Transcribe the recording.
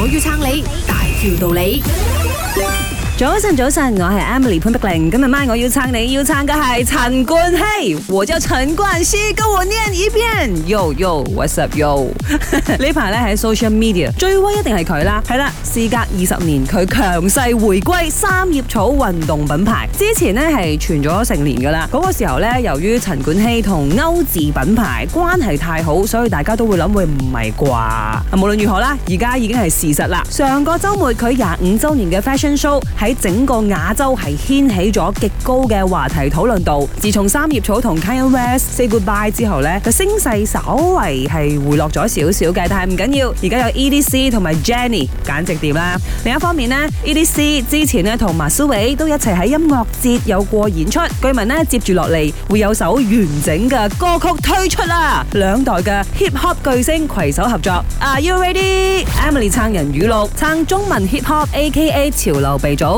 我要撐你，大條道理。早晨，早晨，我係 Emily 潘碧玲。今日晚我要撐你要撐嘅係陳冠希。我叫陳冠希，跟我念一遍。Yo yo，what's up yo？ 呢排咧喺 social media 最威一定係佢啦。係啦，事隔二十年，佢強勢回歸三葉草運動品牌。之前呢係傳咗成年噶啦。嗰、那個時候咧，由於陳冠希同歐智品牌關係太好，所以大家都會諗會唔係啩？無論如何啦，而家已經係事實啦。上個周末佢廿五周年嘅 fashion show 喺整個亞洲係掀起咗極高嘅話題討論度。自從三葉草同 Kanye West say goodbye 之後呢嘅聲勢稍微係回落咗少少嘅。但係唔緊要，而家有 EDC 同埋 Jenny 簡直掂啦。另一方面呢 EDC 之前呢同麥斯偉都一齊喺音樂節有過演出，據聞呢，接住落嚟會有首完整嘅歌曲推出啦。兩代嘅 hip hop 巨星攜手合作，Are you ready？Emily 撐人語錄撐中文 hip hop AKA 潮流鼻祖。